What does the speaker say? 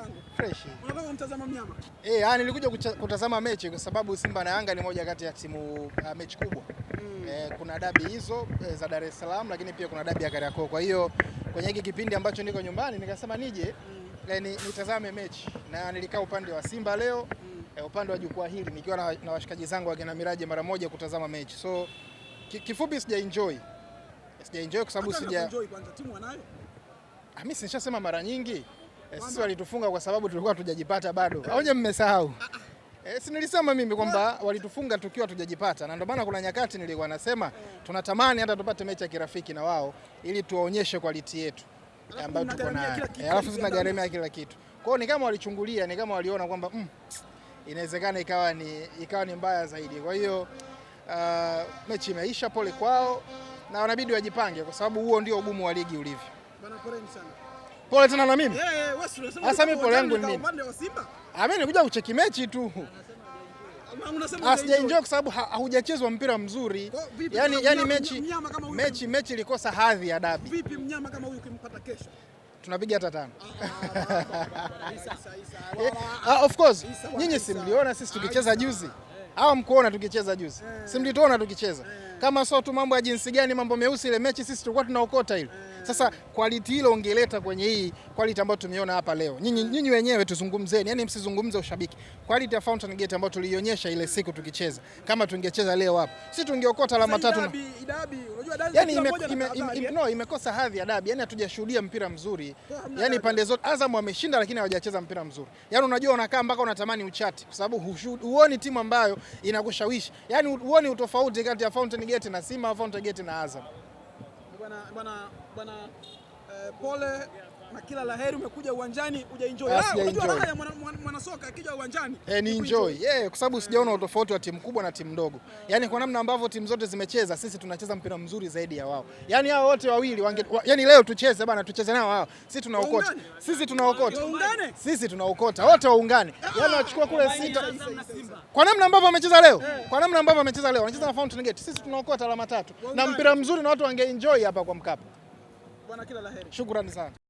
kakangu. Fresh. Unataka kumtazama mnyama? Eh, yani nilikuja kutazama mechi kwa sababu Simba na Yanga ni moja kati ya timu uh, mechi kubwa. Mm. Eh, kuna dabi hizo eh, za Dar es Salaam lakini pia kuna dabi ya Kariakoo. Kwa hiyo kwenye hiki kipindi ambacho niko nyumbani nikasema nije mm. Eh, nitazame mechi na nilikaa upande wa Simba leo mm. eh, upande wa jukwaa hili nikiwa na, na washikaji zangu wakina Miraji mara moja kutazama mechi. So kifupi sija enjoy. Sija enjoy kwa sababu sija enjoy kwanza timu wanayo. Ah, mimi nishasema mara nyingi Eh, sisi walitufunga kwa sababu tulikuwa tujajipata bado. Aonye, mmesahau E, si nilisema mimi kwamba walitufunga tukiwa tujajipata, na ndio maana kuna nyakati nilikuwa nasema tunatamani hata tupate mechi ya kirafiki na wao ili tuwaonyeshe kwaliti yetu ambayo tuko nayo, eh, alafu tunagharamia kila kitu. Kwa hiyo ni kama walichungulia, ni kama waliona kwamba mm, inawezekana ikawa ni, ikawa ni mbaya zaidi. Kwa hiyo uh, mechi imeisha, pole kwao, na wanabidi wajipange, kwa sababu huo ndio ugumu wa ligi ulivyo. Bana, poleni sana. Pole tena na mimi. Eh, eh, Sasa mimi pole yangu ni nini? Ah, mimi kucheki mechi tu. Asijaenjoy ah, ah, kwa sababu haujachezwa mpira mzuri. Yaani yaani mechi mechi mechi ilikosa hadhi ya dabi. Vipi mnyama kama huyu ukimpata kesho? Tunapiga hata tano. Of course, nyinyi simliona sisi tukicheza juzi hawa mkuona tukicheza juzi yeah. si mlituona tukicheza yeah. kama sio tu mambo ya jinsi gani, mambo meusi ile mechi sisi tulikuwa tunaokota ile yeah. Sasa quality hilo ungeleta kwenye hii quality ambayo tumeiona hapa leo. Nyinyi nyinyi wenyewe tuzungumzeni, yani msizungumze ushabiki. Quality ya Fountain Gate ambayo tuliionyesha ile siku tukicheza, kama tungecheza leo hapa, sisi tungeokota alama tatu. Unajua Yani ime, ime, ime, ime, no, imekosa hadhi ya dabi, yani hatujashuhudia mpira mzuri. Yani pande zote Azam wameshinda, lakini hawajacheza mpira mzuri. Yani unajua unakaa mpaka unatamani uchati, kwa sababu huoni timu ambayo inakushawishi, yani huoni utofauti kati ya Fountain Gate na Simba, Fountain Gate na Azam. Bwana bwana bwana, eh, pole na kila laheri. Umekuja uwanjani uja enjoy. ujaenjoy, ah, unajua raha ya mwanasoka akija uwanjani eh, ni enjoy yeah, kwa sababu sijaona utofauti wa timu kubwa na timu ndogo. Yani kwa namna ambavyo timu zote zimecheza, sisi tunacheza mpira mzuri zaidi ya wao. Yani hao wote wawili wange, yani leo tucheze bana, tucheze nao hao, sisi tunaokota, sisi tunaokota, sisi tunaokota, wote waungane, ah. yani wachukua kule sita, kwa namna ambavyo wamecheza leo, eh. kwa namna ambavyo wamecheza leo, wanacheza na Fountain Gate, sisi tunaokota alama tatu na mpira mzuri, na watu wange enjoy hapa kwa Mkapa. Bwana, kila laheri. Shukrani sana.